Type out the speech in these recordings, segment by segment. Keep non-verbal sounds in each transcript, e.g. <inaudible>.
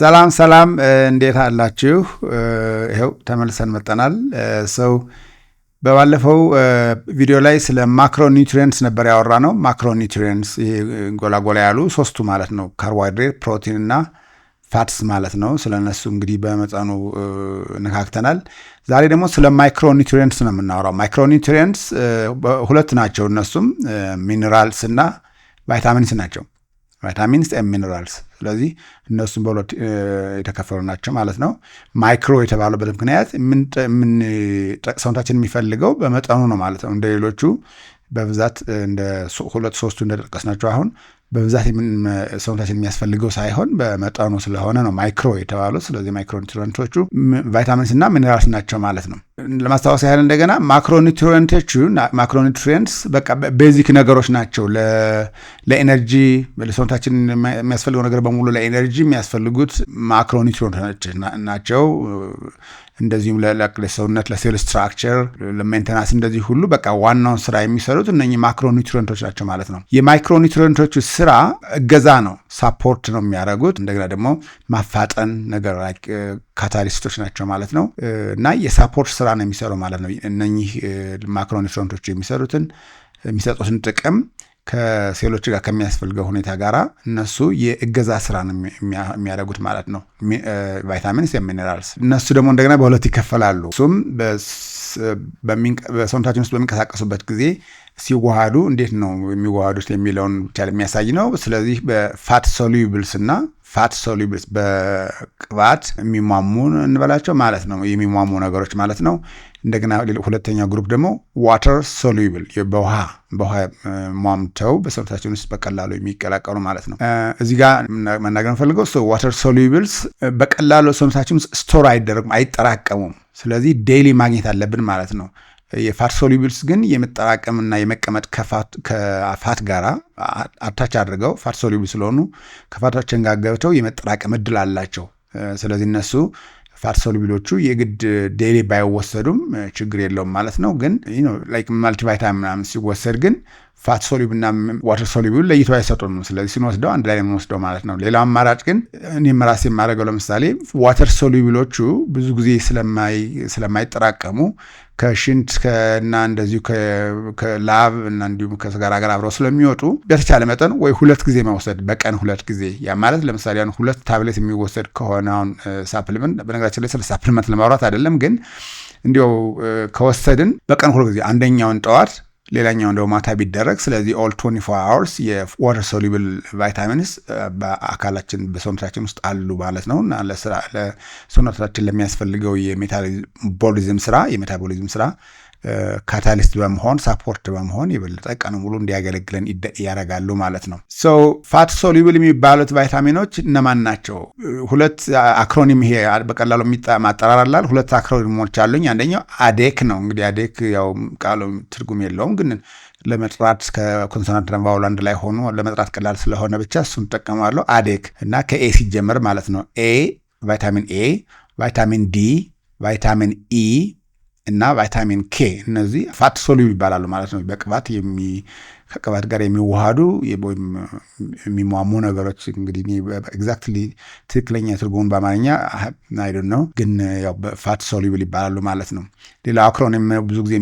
ሰላም ሰላም፣ እንዴት አላችሁ? ይኸው ተመልሰን መጠናል። ሰው በባለፈው ቪዲዮ ላይ ስለ ማክሮኒውትሪየንትስ ነበር ያወራ ነው። ማክሮኒውትሪየንትስ ጎላጎላ ያሉ ሶስቱ ማለት ነው፣ ካርቦሃይድሬት፣ ፕሮቲን እና ፋትስ ማለት ነው። ስለነሱ እንግዲህ በመጠኑ ነካክተናል። ዛሬ ደግሞ ስለ ማይክሮኒውትሪየንትስ ነው የምናወራው። ኒውትሪየንትስ ሁለት ናቸው። እነሱም ሚኒራልስ እና ቫይታሚንስ ናቸው። ቫይታሚንስ ሚነራልስ። ስለዚህ እነሱም በሁለት የተከፈሉ ናቸው ማለት ነው። ማይክሮ የተባለበት ምክንያት ሰውነታችን የሚፈልገው በመጠኑ ነው ማለት ነው። እንደ ሌሎቹ በብዛት እንደ ሁለት ሶስቱ እንደጠቀስናቸው አሁን በብዛት ሰውነታችን የሚያስፈልገው ሳይሆን በመጠኑ ስለሆነ ነው ማይክሮ የተባሉት። ስለዚህ ማይክሮ ኒትሪንቶቹ ቫይታሚንስ እና ሚኔራልስ ናቸው ማለት ነው። ለማስታወስ ያህል እንደገና ማክሮ ኒትሪንቶቹ በቃ ቤዚክ ነገሮች ናቸው። ለኤነርጂ ለሰውነታችን የሚያስፈልገው ነገር በሙሉ ለኤነርጂ የሚያስፈልጉት ማክሮ ናቸው። እንደዚሁም ለሰውነት ለሴል ስትራክቸር ለሜንተናንስ እንደዚህ ሁሉ በቃ ዋናውን ስራ የሚሰሩት እነ ማክሮኒትሪንቶች ናቸው ማለት ነው። የማይክሮኒትሪንቶቹ ስራ እገዛ ነው፣ ሳፖርት ነው የሚያደርጉት። እንደገና ደግሞ ማፋጠን ነገር ካታሊስቶች ናቸው ማለት ነው እና የሳፖርት ስራ ነው የሚሰሩ ማለት ነው። እነኚህ ማክሮኒትሪንቶቹ የሚሰሩትን የሚሰጡትን ጥቅም ከሴሎች ጋር ከሚያስፈልገው ሁኔታ ጋር እነሱ የእገዛ ስራ ነው የሚያደርጉት ማለት ነው። ቫይታሚንስ፣ የሚኔራልስ እነሱ ደግሞ እንደገና በሁለት ይከፈላሉ። እሱም በሰውነታችን ውስጥ በሚንቀሳቀሱበት ጊዜ ሲዋሃዱ እንዴት ነው የሚዋሃዱት የሚለውን ብቻ የሚያሳይ ነው። ስለዚህ በፋት ሶሉብልስ እና ፋት ሶሉብልስ በቅባት የሚሟሙ እንበላቸው ማለት ነው የሚሟሙ ነገሮች ማለት ነው እንደገና ሁለተኛ ግሩፕ ደግሞ ዋተር ሶሉብል በውሃ በውሃ ሟምተው በሰውነታችን ውስጥ በቀላሉ የሚቀላቀሉ ማለት ነው። እዚህ ጋር መናገር ፈልገው ዋተር ሶሉብልስ በቀላሉ ሰውነታችን ውስጥ ስቶር አይደረጉም፣ አይጠራቀሙም። ስለዚህ ዴይሊ ማግኘት አለብን ማለት ነው። የፋት ሶሉብልስ ግን የመጠራቀምና የመቀመጥ ከፋት ጋራ አታች አድርገው ፋት ሶሉብል ስለሆኑ ከፋታችን ጋር ገብተው የመጠራቀም እድል አላቸው። ስለዚህ እነሱ ፋት ቢሎቹ የግድ ዴሊ ባይወሰዱም ችግር የለውም ማለት ነው። ግን ላይክ ማልቲቫይታሚን ምናምን ሲወሰድ ግን ፋት ሶሉብ እና ዋተር ሶሉብ ለይቶ አይሰጡም። ስለዚህ ስንወስደው አንድ ላይ የምንወስደው ማለት ነው። ሌላው አማራጭ ግን እኔም ራሴ የማደርገው ለምሳሌ ዋተር ሶሉብሎቹ ብዙ ጊዜ ስለማይጠራቀሙ ከሽንት እና እንደዚሁ ከላብ እና እንዲሁም ከስጋራ ጋር አብረው ስለሚወጡ በተቻለ መጠን ወይ ሁለት ጊዜ መውሰድ በቀን ሁለት ጊዜ ያ ማለት ለምሳሌ አሁን ሁለት ታብሌት የሚወሰድ ከሆነ አሁን ሳፕልመንት፣ በነገራችን ላይ ስለ ሳፕልመንት ለማውራት አይደለም፣ ግን እንዲያው ከወሰድን በቀን ሁለት ጊዜ አንደኛውን ጠዋት ሌላኛው እንደው ማታ ቢደረግ ስለዚህ ኦል 24 አወርስ የዋተር ሶሉብል ቫይታሚንስ በአካላችን በሰውነታችን ውስጥ አሉ ማለት ነው እና ለሰውነታችን ለሚያስፈልገው የሜታቦሊዝም ስራ የሜታቦሊዝም ስራ ካታሊስት በመሆን ሳፖርት በመሆን የበለጠ ቀኑ ሙሉ እንዲያገለግለን ያደርጋሉ ማለት ነው። ሶ ፋት ሶሉብል የሚባሉት ቫይታሚኖች እነማን ናቸው? ሁለት አክሮኒም ይሄ በቀላሉ ማጠራራላል። ሁለት አክሮኒሞች አሉኝ። አንደኛው አዴክ ነው። እንግዲህ አዴክ ያው ቃሉ ትርጉም የለውም ግን ለመጥራት ከኮንሶናንት ቫውል አንድ ላይ ሆኑ ለመጥራት ቀላል ስለሆነ ብቻ እሱን ጠቀማለሁ። አዴክ እና ከኤ ሲጀመር ማለት ነው። ኤ ቫይታሚን ኤ፣ ቫይታሚን ዲ፣ ቫይታሚን ኢ እና ቫይታሚን ኬ እነዚህ ፋት ሶሉ ይባላሉ ማለት ነው። በቅባት ከቅባት ጋር የሚዋሃዱ ወይም የሚሟሙ ነገሮች እንግዲህ ኤግዛክትሊ ትክክለኛ ትርጉሙን በአማርኛ አይዶን ነው፣ ግን ፋት ሶሉብል ይባላሉ ማለት ነው። ሌላ አክሮኒም ብዙ ጊዜ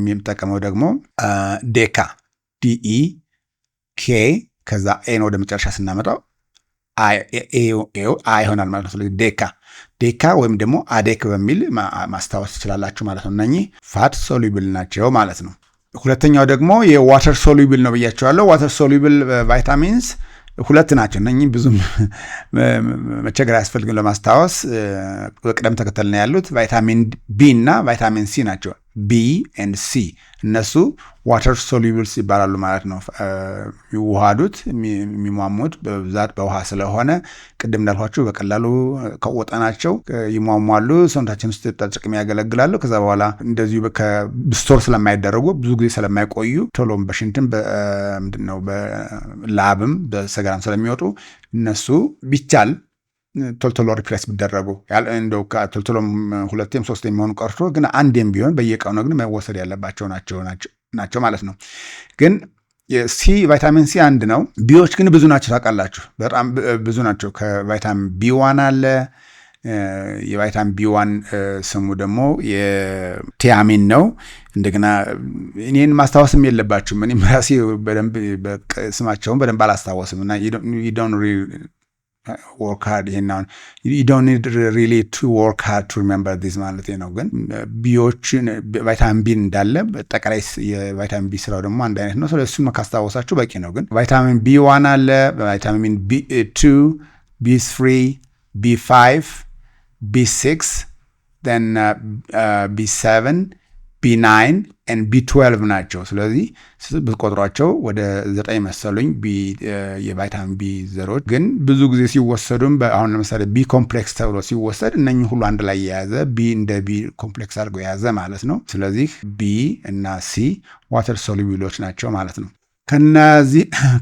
የሚጠቀመው ደግሞ ዴካ ዲኢ ኬ ከዛ ኤን ወደ መጨረሻ ስናመጣው አይ ይሆናል ማለት ነው። ዴካ ዴካ ወይም ደግሞ አዴክ በሚል ማስታወስ ትችላላችሁ ማለት ነው። እነኚህ ፋት ሶሉብል ናቸው ማለት ነው። ሁለተኛው ደግሞ የዋተር ሶሉብል ነው ብያቸዋለሁ። ዋተር ሶሉብል ቫይታሚንስ ሁለት ናቸው። እነኚህ ብዙም <laughs> መቸገር አያስፈልግም ለማስታወስ በቅደም ተከተል ነው ያሉት። ቫይታሚን ቢ እና ቫይታሚን ሲ ናቸው። ቢ ኤንድ ሲ እነሱ ዋተር ሶሉብልስ ይባላሉ ማለት ነው። የሚዋሃዱት የሚሟሙት በብዛት በውሃ ስለሆነ ቅድም እንዳልኳችሁ በቀላሉ ከቆጠናቸው ይሟሟሉ፣ ሰውነታችን ውስጥ ጥቅም ያገለግላሉ። ከዛ በኋላ እንደዚሁ ከብስቶር ስለማይደረጉ ብዙ ጊዜ ስለማይቆዩ ቶሎም በሽንትም ምንድነው በላብም በሰገራም ስለሚወጡ እነሱ ቢቻል ቶልቶሎ ሪፕሌስ ቢደረጉ ቶልቶሎ ሁለቴም ሶስት የሚሆኑ ቀርቶ ግን አንዴም ቢሆን በየቀኑ ግን መወሰድ ያለባቸው ናቸው ማለት ነው። ግን ሲ ቫይታሚን ሲ አንድ ነው። ቢዎች ግን ብዙ ናቸው ታውቃላችሁ፣ በጣም ብዙ ናቸው። ከቫይታሚን ቢዋን አለ የቫይታሚን ቢዋን ስሙ ደግሞ የቲያሚን ነው። እንደገና እኔን ማስታወስም የለባችሁም እኔም ራሴ በደንብ ስማቸውን በደንብ አላስታወስም እና ወርክ ሃርድ ይሄን አሁን ዩ ዶንት ኒድ ሪሊ ቱ ወርክ ሃርድ ቱ ሪሜምበር ዲስ ማለት ነው። ግን ቢዎችን ቫይታሚን ቢ እንዳለ ጠቃላይ የቫይታሚን ቢ ስራው ደግሞ አንድ አይነት ነው። ስለዚህ እሱን ካስታወሳችሁ በቂ ነው። ግን ቫይታሚን ቢ ዋን አለ፣ ቫይታሚን ቢ ቱ፣ ቢ ስሪ፣ ቢ ፋይቭ፣ ቢ ሲክስ፣ ቢ ሰቨን፣ ቢ ናይን ኤን ቢ12 ናቸው። ስለዚህ ብትቆጥሯቸው ወደ ዘጠኝ መሰሉኝ የቫይታሚን ቢ ዘሮች። ግን ብዙ ጊዜ ሲወሰዱም አሁን ለምሳሌ ቢ ኮምፕሌክስ ተብሎ ሲወሰድ እነኝ ሁሉ አንድ ላይ የያዘ ቢ እንደ ቢ ኮምፕሌክስ አድርገው የያዘ ማለት ነው። ስለዚህ ቢ እና ሲ ዋተር ሶሉቢሎች ናቸው ማለት ነው።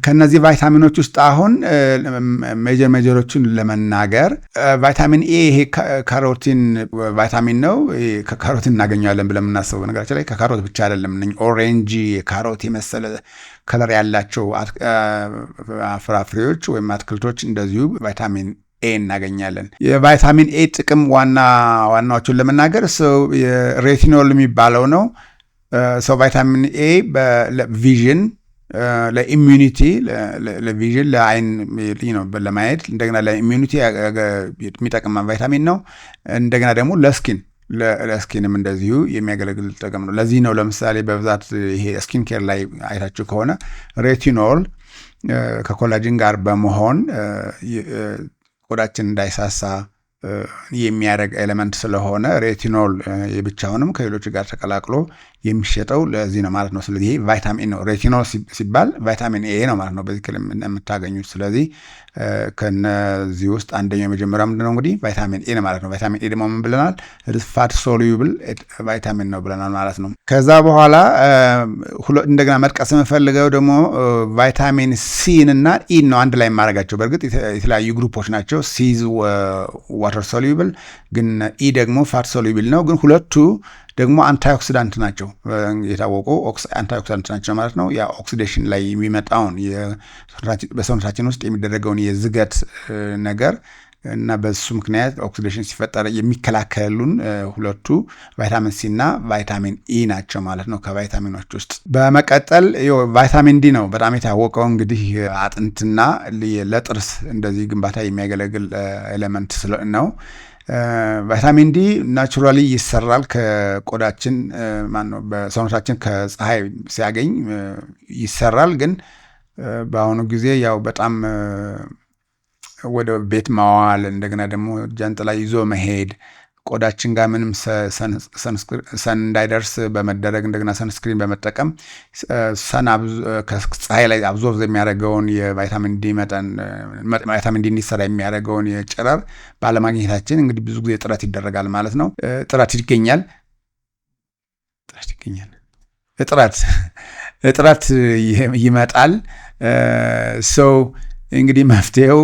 ከነዚህ ቫይታሚኖች ውስጥ አሁን ሜጀር ሜጀሮችን ለመናገር ቫይታሚን ኤ ይሄ ካሮቲን ቫይታሚን ነው። ከካሮቲን እናገኘዋለን ብለን የምናስበው በነገራችን ላይ ከካሮት ብቻ አይደለም። ኦሬንጂ ካሮት የመሰለ ከለር ያላቸው ፍራፍሬዎች ወይም አትክልቶች እንደዚሁ ቫይታሚን ኤ እናገኛለን። የቫይታሚን ኤ ጥቅም ዋና ዋናዎቹን ለመናገር ሬቲኖል የሚባለው ነው። ሰው ቫይታሚን ኤ በቪዥን ለኢሚዩኒቲ ለቪዥን ለአይን ለማየት እንደገና ለኢሚኒቲ የሚጠቅም ቫይታሚን ነው። እንደገና ደግሞ ለስኪን ለስኪንም እንደዚሁ የሚያገለግል ጥቅም ነው። ለዚህ ነው ለምሳሌ በብዛት ይሄ ስኪን ኬር ላይ አይታችሁ ከሆነ ሬቲኖል ከኮላጅን ጋር በመሆን ቆዳችን እንዳይሳሳ የሚያደርግ ኤሌመንት ስለሆነ ሬቲኖል ብቻውንም ከሌሎች ጋር ተቀላቅሎ የሚሸጠው ለዚህ ነው ማለት ነው። ስለዚህ ቫይታሚን ነው። ሬቲኖል ሲባል ቫይታሚን ኤ ነው ማለት ነው በትክክል የምታገኙት። ስለዚህ ከነዚህ ውስጥ አንደኛው የመጀመሪያ ምንድነው እንግዲህ ቫይታሚን ኤ ነው ማለት ነው። ቫይታሚን ኤ ደግሞ ምን ብለናል? ፋት ሶሉብል ቫይታሚን ነው ብለናል ማለት ነው። ከዛ በኋላ እንደገና መጥቀስ የምፈልገው ደግሞ ቫይታሚን ሲን እና ኢን ነው አንድ ላይ የማደርጋቸው። በእርግጥ የተለያዩ ግሩፖች ናቸው። ሲዝ ዋተር ሶሉብል ግን ኢ ደግሞ ፋት ሶሉብል ነው ግን ሁለቱ ደግሞ አንታይኦክሲዳንት ናቸው የታወቁ አንታይኦክሲዳንት ናቸው ማለት ነው። ያ ኦክሲዴሽን ላይ የሚመጣውን በሰውነታችን ውስጥ የሚደረገውን የዝገት ነገር እና በሱ ምክንያት ኦክሲዴሽን ሲፈጠር የሚከላከሉን ሁለቱ ቫይታሚን ሲ እና ቫይታሚን ኢ ናቸው ማለት ነው ከቫይታሚኖች ውስጥ። በመቀጠል ቫይታሚን ዲ ነው በጣም የታወቀው እንግዲህ አጥንትና ለጥርስ እንደዚህ ግንባታ የሚያገለግል ኤሌመንት ነው። ቫይታሚን ዲ ናቹራሊ ይሰራል ከቆዳችን ማነው በሰውነታችን ከፀሐይ ሲያገኝ ይሰራል። ግን በአሁኑ ጊዜ ያው በጣም ወደ ቤት ማዋል እንደገና ደግሞ ጃንጥላ ይዞ መሄድ ቆዳችን ጋር ምንም ሰን እንዳይደርስ በመደረግ እንደገና ሰንስክሪን በመጠቀም ሰን ከፀሐይ ላይ አብዞርቭ የሚያደርገውን የቫይታሚን ዲ መጠን ቫይታሚን ዲ እንዲሰራ የሚያደርገውን የጨረር ባለማግኘታችን እንግዲህ ብዙ ጊዜ ጥረት ይደረጋል ማለት ነው። ጥረት ይገኛል ጥረት ይገኛል እጥረት እጥረት ይመጣል ሰው እንግዲህ መፍትሄው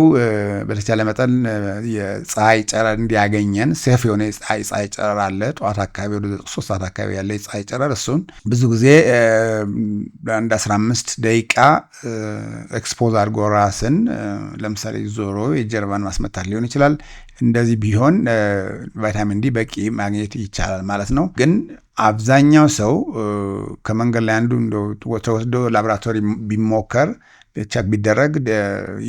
በተቻለ መጠን የፀሐይ ጨረር እንዲያገኘን ሴፍ የሆነ የፀሐይ ጨረር አለ። ጠዋት አካባቢ ወደ ሶስት ሰዓት አካባቢ ያለ የፀሐይ ጨረር እሱን ብዙ ጊዜ ለአንድ አስራ አምስት ደቂቃ ኤክስፖዝ አድርጎ ራስን ለምሳሌ ዞሮ የጀርባን ማስመታት ሊሆን ይችላል። እንደዚህ ቢሆን ቫይታሚን ዲ በቂ ማግኘት ይቻላል ማለት ነው ግን አብዛኛው ሰው ከመንገድ ላይ አንዱ ተወስዶ ላቦራቶሪ ቢሞከር ቸክ ቢደረግ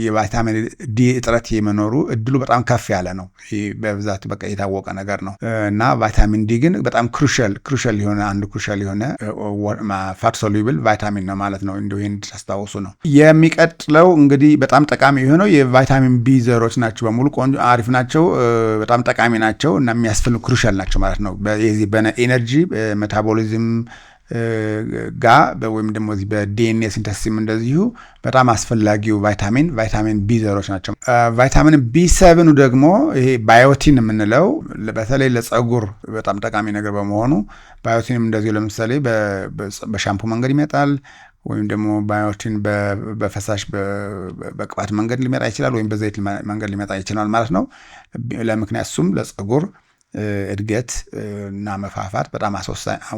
የቫይታሚን ዲ እጥረት የመኖሩ እድሉ በጣም ከፍ ያለ ነው። በብዛት በቃ የታወቀ ነገር ነው እና ቫይታሚን ዲ ግን በጣም ክሩሻል ክሩሻል የሆነ አንድ ክሩሻል የሆነ ፋት ቫይታሚን ነው ማለት ነው። እንዲሁ ይህን ታስታውሱ ነው። የሚቀጥለው እንግዲህ በጣም ጠቃሚ የሆነው የቫይታሚን ቢ ዘሮች ናቸው። በሙሉ ቆንጆ አሪፍ ናቸው፣ በጣም ጠቃሚ ናቸው እና የሚያስፈልጉ ክሩሻል ናቸው ማለት ነው። በነ ኤነርጂ ሜታቦሊዝም ጋ ወይም ደግሞ ዚህ በዲኤንኤ ሲንተሲስም እንደዚሁ በጣም አስፈላጊው ቫይታሚን ቫይታሚን ቢ ዘሮች ናቸው። ቫይታሚን ቢ ሰብኑ ደግሞ ይሄ ባዮቲን የምንለው በተለይ ለጸጉር በጣም ጠቃሚ ነገር በመሆኑ ባዮቲንም እንደዚሁ ለምሳሌ በሻምፑ መንገድ ይመጣል ወይም ደግሞ ባዮቲን በፈሳሽ በቅባት መንገድ ሊመጣ ይችላል፣ ወይም በዘይት መንገድ ሊመጣ ይችላል ማለት ነው። ለምክንያት እሱም ለጸጉር እድገት እና መፋፋት በጣም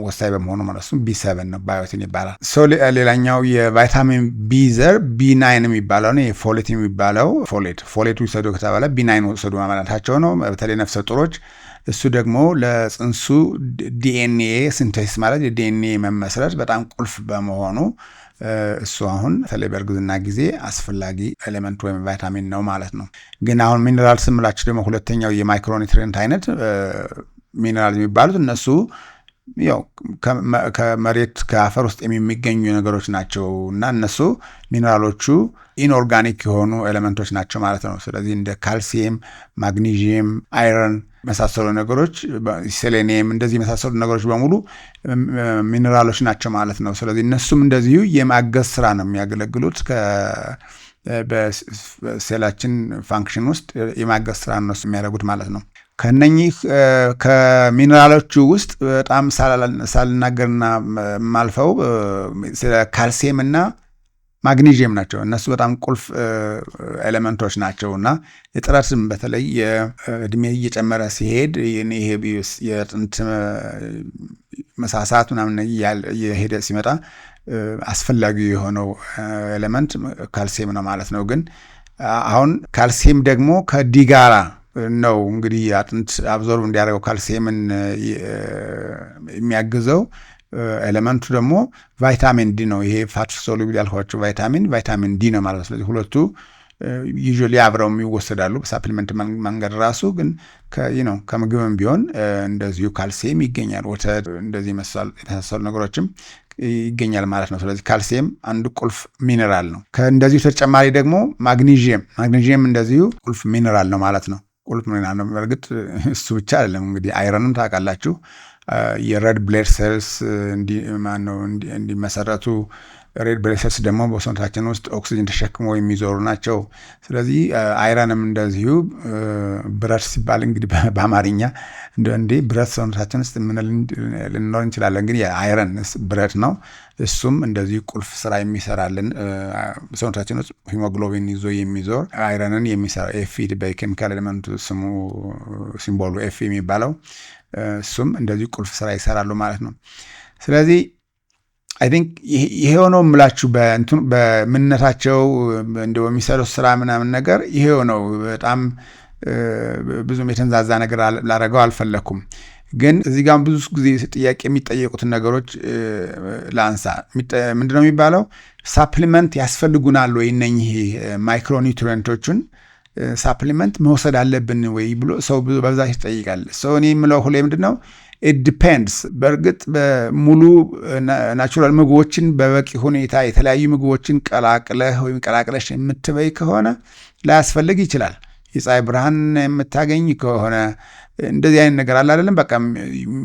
ወሳኝ በመሆኑ ማለት ነው። ቢ ነው ባዮቲን ይባላል። ሰው ሌላኛው የቫይታሚን ቢ ዘር ቢ የሚባለው ነው። የፎሌት የሚባለው ፎሌት ፎሌቱ ይውሰዱ ከተባለ ቢ ናይን ወሰዱ ማመላታቸው ነው። በተለይ ነፍሰ ጡሮች እሱ ደግሞ ለጽንሱ ዲኤንኤ ሲንተሲስ ማለት የዲኤንኤ መመስረት በጣም ቁልፍ በመሆኑ እሱ አሁን በተለይ በእርግዝና ጊዜ አስፈላጊ ኤሌመንት ወይም ቫይታሚን ነው ማለት ነው። ግን አሁን ሚኔራል ስንላቸው ደግሞ ሁለተኛው የማይክሮኒትሪንት አይነት ሚኔራል የሚባሉት እነሱ ያው ከመሬት ከአፈር ውስጥ የሚገኙ ነገሮች ናቸው እና እነሱ ሚኔራሎቹ ኢንኦርጋኒክ የሆኑ ኤሌመንቶች ናቸው ማለት ነው። ስለዚህ እንደ ካልሲየም፣ ማግኒዥየም፣ አይረን የመሳሰሉ ነገሮች ሴሌኒየም፣ እንደዚህ የመሳሰሉ ነገሮች በሙሉ ሚኔራሎች ናቸው ማለት ነው። ስለዚህ እነሱም እንደዚሁ የማገዝ ስራ ነው የሚያገለግሉት በሴላችን ፋንክሽን ውስጥ የማገዝ ስራ እነሱ የሚያደርጉት ማለት ነው። ከነኚህ ከሚኔራሎቹ ውስጥ በጣም ሳልናገርና ማልፈው ካልሲየም እና ማግኔዥየም ናቸው። እነሱ በጣም ቁልፍ ኤሌመንቶች ናቸው እና የጥረትም በተለይ የእድሜ እየጨመረ ሲሄድ ይሄ የጥንት መሳሳት ምናምን እየሄደ ሲመጣ አስፈላጊ የሆነው ኤሌመንት ካልሲየም ነው ማለት ነው። ግን አሁን ካልሲየም ደግሞ ከዲ ጋራ ነው እንግዲህ አጥንት አብዞርብ እንዲያደርገው ካልሲየምን የሚያግዘው ኤሌመንቱ ደግሞ ቫይታሚን ዲ ነው። ይሄ ፋት ሶሉብል ያልኳቸው ቫይታሚን ቫይታሚን ዲ ነው ማለት ነው። ስለዚህ ሁለቱ ዩዥዋሊ አብረው ይወሰዳሉ በሳፕሊመንት መንገድ ራሱ ግን ነው ከምግብም ቢሆን እንደዚሁ ካልሲየም ይገኛል። ወተት እንደዚህ የመሳሰሉ ነገሮችም ይገኛል ማለት ነው። ስለዚህ ካልሲየም አንድ ቁልፍ ሚነራል ነው። ከእንደዚሁ ተጨማሪ ደግሞ ማግኒዥየም ማግኒዥየም እንደዚሁ ቁልፍ ሚነራል ነው ማለት ነው። ቁልፍ ሚነራል ነው። በእርግጥ እሱ ብቻ አይደለም እንግዲህ አይረንም ታውቃላችሁ የሬድ ብሌድ ሴልስ ነው እንዲመሰረቱ ሬድ ብሌድ ሴልስ ደግሞ በሰውነታችን ውስጥ ኦክሲጅን ተሸክሞ የሚዞሩ ናቸው። ስለዚህ አይረንም እንደዚሁ ብረት ሲባል እንግዲህ በአማርኛ እንዲህ ብረት ሰውነታችን ውስጥ ምን ልንኖር እንችላለን፣ እንግዲህ የአይረን ብረት ነው። እሱም እንደዚህ ቁልፍ ስራ የሚሰራልን ሰውነታችን ውስጥ ሂሞግሎቢን ይዞ የሚዞር አይረንን የሚሰራ ኤፊድ በኬሚካል ኤሌመንቱ ስሙ ሲምቦሉ ኤፊ የሚባለው እሱም እንደዚሁ ቁልፍ ስራ ይሰራሉ ማለት ነው። ስለዚህ አይ ቲንክ ይሄ ነው የምላችሁ በእንትኑ በምንነታቸው እንደ በሚሰሩት ስራ ምናምን ነገር ይሄ ነው። በጣም ብዙም የተንዛዛ ነገር ላደረገው አልፈለግኩም። ግን እዚህ ጋር ብዙ ጊዜ ጥያቄ የሚጠየቁትን ነገሮች ለአንሳ። ምንድነው የሚባለው? ሳፕሊመንት ያስፈልጉናል ወይ እነኚህ ማይክሮኒውትሪንቶቹን ሳፕሊመንት መውሰድ አለብን ወይ ብሎ ሰው በብዛት ይጠይቃል። ሰው እኔ የምለው ሁሌ ምንድን ነው በእርግጥ ሙሉ ናቹራል ምግቦችን በበቂ ሁኔታ የተለያዩ ምግቦችን ቀላቅለህ ወይም ቀላቅለሽ የምትበይ ከሆነ ላያስፈልግ ይችላል። የፀሐይ ብርሃን የምታገኝ ከሆነ እንደዚህ አይነት ነገር አለ አይደለም። በቃ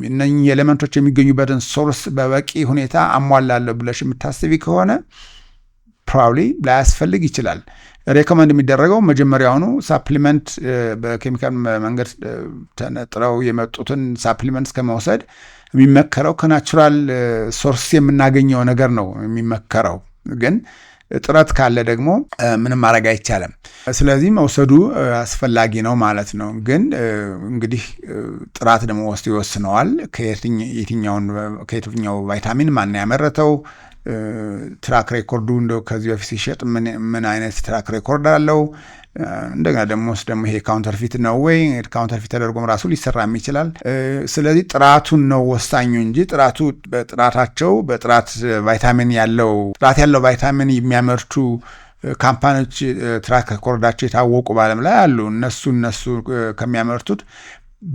እነኚህ ኤሌመንቶች የሚገኙበትን ሶርስ በበቂ ሁኔታ አሟላለሁ ብለሽ የምታስቢ ከሆነ ፕሮባብሊ ላያስፈልግ ይችላል። ሬኮመንድ የሚደረገው መጀመሪያውኑ ሳፕሊመንት በኬሚካል መንገድ ተነጥረው የመጡትን ሳፕሊመንት ከመውሰድ የሚመከረው ከናቹራል ሶርስ የምናገኘው ነገር ነው የሚመከረው ግን ጥረት ካለ ደግሞ ምንም ማድረግ አይቻልም። ስለዚህ መውሰዱ አስፈላጊ ነው ማለት ነው። ግን እንግዲህ ጥራት ደግሞ ወስዶ ይወስነዋል። ከየትኛው ቫይታሚን ማን ያመረተው ትራክ ሬኮርዱ እንደ ከዚህ በፊት ሲሸጥ ምን አይነት ትራክ ሬኮርድ አለው? እንደገና ደግሞ ስ ደግሞ ይሄ ካውንተርፊት ነው ወይ? ካውንተርፊት ተደርጎም ራሱ ሊሰራም ይችላል። ስለዚህ ጥራቱን ነው ወሳኙ እንጂ ጥራቱ በጥራታቸው በጥራት ቫይታሚን ያለው ጥራት ያለው ቫይታሚን የሚያመርቱ ካምፓኒዎች ትራክ ሬኮርዳቸው የታወቁ በዓለም ላይ አሉ። እነሱ እነሱ ከሚያመርቱት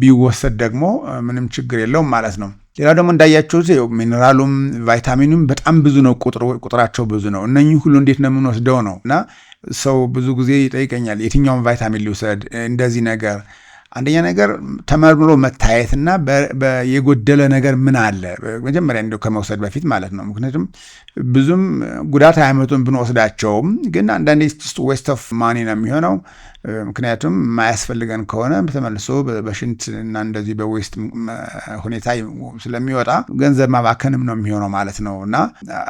ቢወሰድ ደግሞ ምንም ችግር የለውም ማለት ነው። ሌላው ደግሞ እንዳያችሁት ሚኔራሉም ቫይታሚኑም በጣም ብዙ ነው፣ ቁጥራቸው ብዙ ነው። እነኚህ ሁሉ እንዴት ነው የምንወስደው ነው እና ሰው ብዙ ጊዜ ይጠይቀኛል፣ የትኛውን ቫይታሚን ሊውሰድ እንደዚህ ነገር አንደኛ ነገር ተመርምሮ መታየትና የጎደለ ነገር ምን አለ መጀመሪያ እንደው ከመውሰድ በፊት ማለት ነው። ምክንያቱም ብዙም ጉዳት አያመጡን ብንወስዳቸውም፣ ግን አንዳንዴ ዌስት ኦፍ ማኒ ነው የሚሆነው። ምክንያቱም የማያስፈልገን ከሆነ ተመልሶ በሽንት እና እንደዚህ በዌስት ሁኔታ ስለሚወጣ ገንዘብ ማባከንም ነው የሚሆነው ማለት ነው እና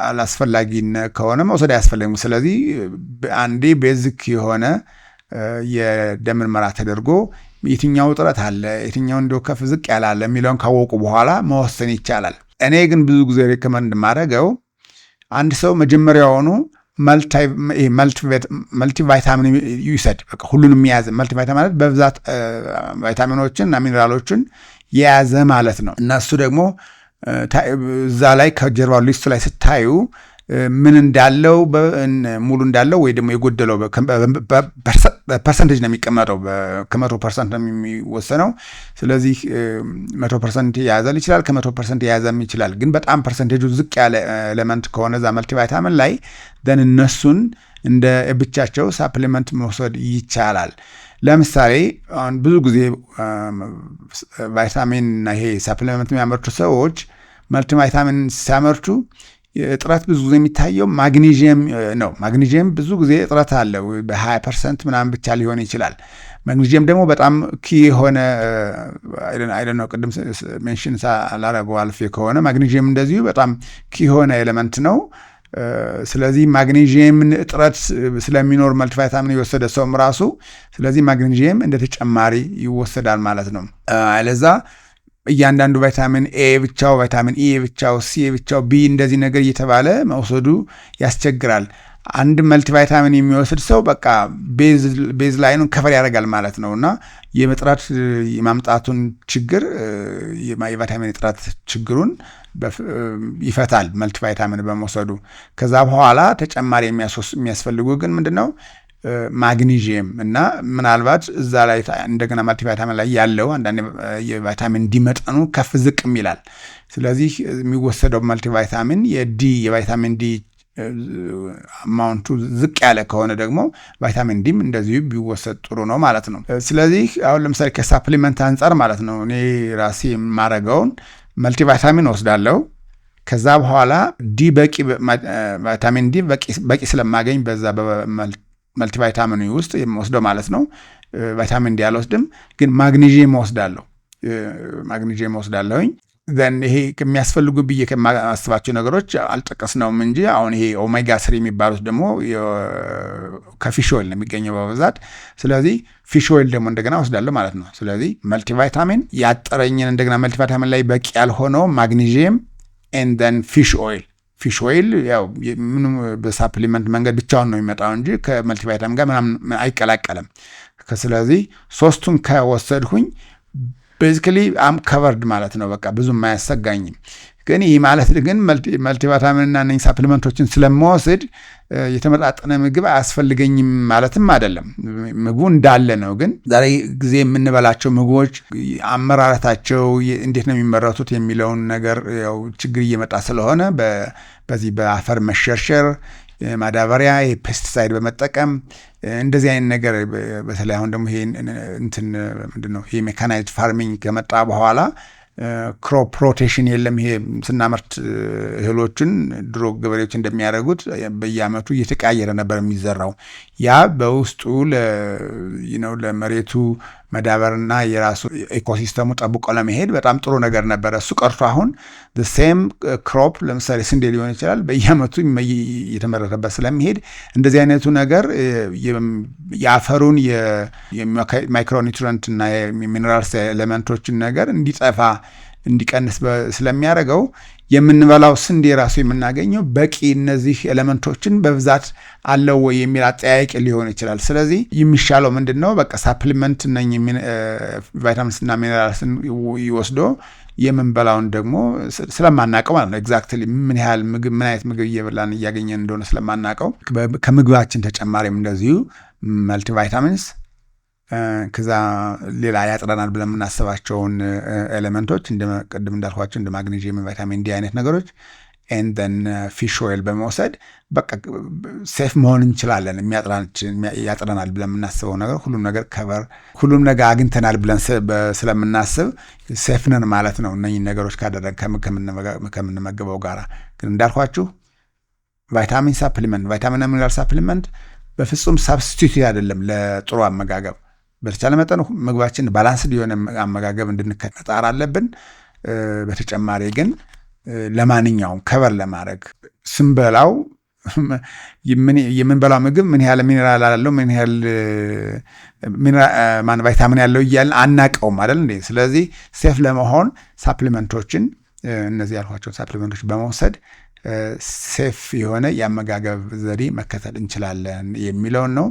አላስፈላጊ ከሆነ መውሰድ አያስፈልግም። ስለዚህ አንዴ ቤዚክ የሆነ የደም ምርመራ ተደርጎ የትኛው ጥረት አለ የትኛው እንደ ከፍ ዝቅ ያላለ የሚለውን ካወቁ በኋላ መወሰን ይቻላል። እኔ ግን ብዙ ጊዜ ሪከመንድ ማድረገው አንድ ሰው መጀመሪያውኑ መልቲቫይታሚን ይውሰድ። ሁሉንም የያዘ መልቲቫይታሚን ማለት በብዛት ቫይታሚኖችን እና ሚኔራሎችን የያዘ ማለት ነው። እና እሱ ደግሞ እዛ ላይ ከጀርባ ሊስቱ ላይ ስታዩ ምን እንዳለው ሙሉ እንዳለው ወይ ደግሞ የጎደለው ፐርሰንቴጅ ነው የሚቀመጠው። ከመቶ ፐርሰንት ነው የሚወሰነው። ስለዚህ መቶ ፐርሰንት የያዘ ይችላል፣ ከመቶ ፐርሰንት የያዘም ይችላል። ግን በጣም ፐርሰንቴጁ ዝቅ ያለ ኤሌመንት ከሆነ እዛ መልቲቫይታምን ላይ ደን እነሱን እንደ ብቻቸው ሳፕሊመንት መውሰድ ይቻላል። ለምሳሌ አሁን ብዙ ጊዜ ቫይታሚንና ይሄ ሳፕሊመንት የሚያመርቱ ሰዎች መልቲቫይታሚን ሲያመርቱ እጥረት ብዙ ጊዜ የሚታየው ማግኒዥየም ነው። ማግኒዥየም ብዙ ጊዜ እጥረት አለው። በ20 ፐርሰንት ምናምን ብቻ ሊሆን ይችላል። ማግኒዥየም ደግሞ በጣም ኪ የሆነ አይደነ ቅድም ሜንሽን ላረገው አልፌ ከሆነ ማግኒዥየም እንደዚሁ በጣም ኪ የሆነ ኤሌመንት ነው። ስለዚህ ማግኔዥየምን እጥረት ስለሚኖር መልቲቫይታሚን የወሰደ ሰውም ራሱ ስለዚህ ማግኒዥየም እንደ ተጨማሪ ይወሰዳል ማለት ነው አለዛ እያንዳንዱ ቫይታሚን ኤ ብቻው፣ ቫይታሚን ኢ ብቻው፣ ሲ ብቻው፣ ቢ እንደዚህ ነገር እየተባለ መውሰዱ ያስቸግራል። አንድ መልቲ ቫይታሚን የሚወስድ ሰው በቃ ቤዝ ላይኑን ከፈር ያደርጋል ማለት ነው እና የመጥራት የማምጣቱን ችግር የቫይታሚን የጥራት ችግሩን ይፈታል መልቲ ቫይታሚን በመውሰዱ። ከዛ በኋላ ተጨማሪ የሚያስፈልጉ ግን ምንድን ነው ማግኒዥየም እና ምናልባት እዛ ላይ እንደገና ማልቲቫይታሚን ላይ ያለው አንዳንድ የቫይታሚን ዲ መጠኑ ከፍ ዝቅም ይላል። ስለዚህ የሚወሰደው ማልቲቫይታሚን የዲ የቫይታሚን ዲ አማውንቱ ዝቅ ያለ ከሆነ ደግሞ ቫይታሚን ዲም እንደዚሁ ቢወሰድ ጥሩ ነው ማለት ነው። ስለዚህ አሁን ለምሳሌ ከሳፕሊመንት አንጻር ማለት ነው እኔ ራሴ የማረገውን መልቲቫይታሚን ወስዳለሁ። ከዛ በኋላ ዲ በቂ ቫይታሚን ዲ በቂ ስለማገኝ በዛ መልቲቫይታሚኑ ውስጥ የምወስደው ማለት ነው። ቫይታሚን ዲ አልወስድም፣ ግን ማግኒዥየም እወስዳለሁ። ማግኔዥየም እወስዳለሁኝ። ዘን ይሄ ከሚያስፈልጉ ብዬ ከማስባቸው ነገሮች አልጠቀስነውም እንጂ አሁን ይሄ ኦሜጋ ስሪ የሚባሉት ደግሞ ከፊሽ ኦይል ነው የሚገኘው በብዛት። ስለዚህ ፊሽ ኦይል ደግሞ እንደገና ወስዳለሁ ማለት ነው። ስለዚህ መልቲቫይታሚን ያጠረኝን እንደገና መልቲቫይታሚን ላይ በቂ ያልሆነው ማግኔዥየም ኤንድ ፊሽ ኦይል ፊሽ ኦይል ያው ምንም በሳፕሊመንት መንገድ ብቻውን ነው የሚመጣው እንጂ ከመልቲቫይታም ጋር ምናምን አይቀላቀልም። ስለዚህ ሶስቱን ከወሰድሁኝ ቤዚካሊ አም ከቨርድ ማለት ነው። በቃ ብዙም አያሰጋኝም። ግን ይህ ማለት ግን መልቲቫታሚንና እነኝህ ሳፕሊመንቶችን ስለመወስድ የተመጣጠነ ምግብ አያስፈልገኝም ማለትም አይደለም። ምግቡ እንዳለ ነው። ግን ዛሬ ጊዜ የምንበላቸው ምግቦች አመራረታቸው እንዴት ነው የሚመረቱት የሚለውን ነገር ያው ችግር እየመጣ ስለሆነ በዚህ በአፈር መሸርሸር ማዳበሪያ የፔስቲሳይድ በመጠቀም እንደዚህ አይነት ነገር በተለይ አሁን ደግሞ ይሄ እንትን ምንድን ነው ይሄ ሜካናይዝድ ፋርሚንግ ከመጣ በኋላ ክሮፕ ሮቴሽን የለም። ይሄ ስናመርት እህሎችን ድሮ ገበሬዎች እንደሚያደርጉት በየአመቱ እየተቀያየረ ነበር የሚዘራው። ያ በውስጡ ለመሬቱ መዳበርና የራሱ ኢኮሲስተሙ ጠብቆ ለመሄድ በጣም ጥሩ ነገር ነበረ። እሱ ቀርቶ አሁን ሴም ክሮፕ uh, ለምሳሌ ስንዴ ሊሆን ይችላል በየዓመቱ እየተመረተበት ስለሚሄድ እንደዚህ አይነቱ ነገር uh, የአፈሩን የማይክሮኒትረንትና የሚኔራልስ ኤሌመንቶችን ነገር እንዲጠፋ እንዲቀንስ ስለሚያደርገው የምንበላው ስንዴ ራሱ የምናገኘው በቂ እነዚህ ኤሌመንቶችን በብዛት አለው ወይ የሚል አጠያቂ ሊሆን ይችላል። ስለዚህ የሚሻለው ምንድን ነው? በቃ ሳፕሊመንት እነ ቫይታሚንስና ሚኔራልስን ይወስዶ የምንበላውን ደግሞ ስለማናቀው ማለት ነው ኤግዛክትሊ ምን ያህል ምግብ ምን አይነት ምግብ እየበላን እያገኘን እንደሆነ ስለማናቀው ከምግባችን ተጨማሪም እንደዚሁ መልቲ ቫይታሚንስ ከዛ ሌላ ያጥረናል ብለን የምናስባቸውን ኤሌመንቶች ቅድም እንዳልኳቸው እንደ ማግኔዥየም፣ ቫይታሚን ዲ አይነት ነገሮች ኤንደን ፊሽ ኦይል በመውሰድ በቃ ሴፍ መሆን እንችላለን። ያጥረናል ብለን የምናስበው ነገር ሁሉም ነገር ከበር ሁሉም ነገር አግኝተናል ብለን ስለምናስብ ሴፍነን ማለት ነው። እነኝ ነገሮች ካደረግ ከምንመገበው ጋር ግን እንዳልኳችሁ ቫይታሚን ሳፕሊመንት ቫይታሚን ሚኒራል ሳፕሊመንት በፍጹም ሳብስቲቱት አይደለም ለጥሩ አመጋገብ በተቻለ መጠን ምግባችን ባላንስድ የሆነ አመጋገብ እንድንከተል አለብን። በተጨማሪ ግን ለማንኛውም ከበር ለማድረግ ስንበላው የምንበላው ምግብ ምን ያህል ሚኔራል አለው ምን ያህል ቫይታሚን ያለው እያለን አናቀውም አይደል እንዴ? ስለዚህ ሴፍ ለመሆን ሳፕሊመንቶችን እነዚህ ያልኳቸውን ሳፕሊመንቶች በመውሰድ ሴፍ የሆነ የአመጋገብ ዘዴ መከተል እንችላለን የሚለውን ነው።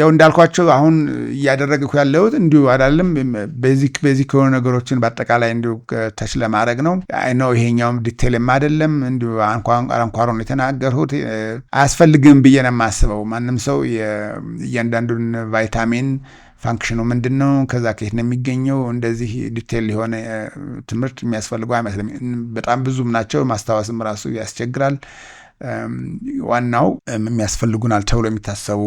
ያው እንዳልኳቸው አሁን እያደረግኩ ያለሁት እንዲሁ አዳለም ቤዚክ ቤዚክ የሆኑ ነገሮችን በአጠቃላይ እንዲሁ ተች ለማድረግ ነው። ነው ይሄኛውም ዲቴልም አይደለም፣ እንዲሁ አንኳሩን የተናገርሁት አያስፈልግም ብዬ ነው የማስበው። ማንም ሰው እያንዳንዱን ቫይታሚን ፋንክሽኑ ምንድን ነው? ከዛ ከየት ነው የሚገኘው? እንደዚህ ዲቴል የሆነ ትምህርት የሚያስፈልገው አይመስለኝ። በጣም ብዙም ናቸው፣ ማስታወስም ራሱ ያስቸግራል። ዋናው የሚያስፈልጉናል ተብሎ የሚታሰቡ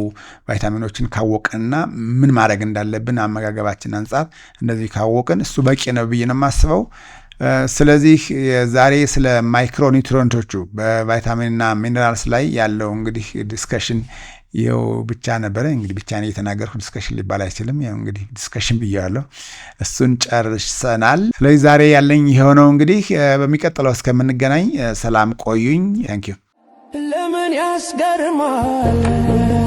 ቫይታሚኖችን ካወቅንና ምን ማድረግ እንዳለብን አመጋገባችን አንጻር እንደዚህ ካወቅን እሱ በቂ ነው ብዬ ነው የማስበው። ስለዚህ ዛሬ ስለ ማይክሮኒውትሪንቶቹ በቫይታሚንና ሚነራልስ ላይ ያለው እንግዲህ ዲስከሽን ይኸው ብቻ ነበረ። እንግዲህ ብቻ የተናገርኩ ዲስከሽን ሊባል አይችልም። ይኸው እንግዲህ ዲስከሽን ብያለሁ። እሱን ጨርሰናል። ስለዚህ ዛሬ ያለኝ የሆነው እንግዲህ በሚቀጥለው እስከምንገናኝ ሰላም ቆዩኝ። ታንኪዩ። ለምን ያስገርማል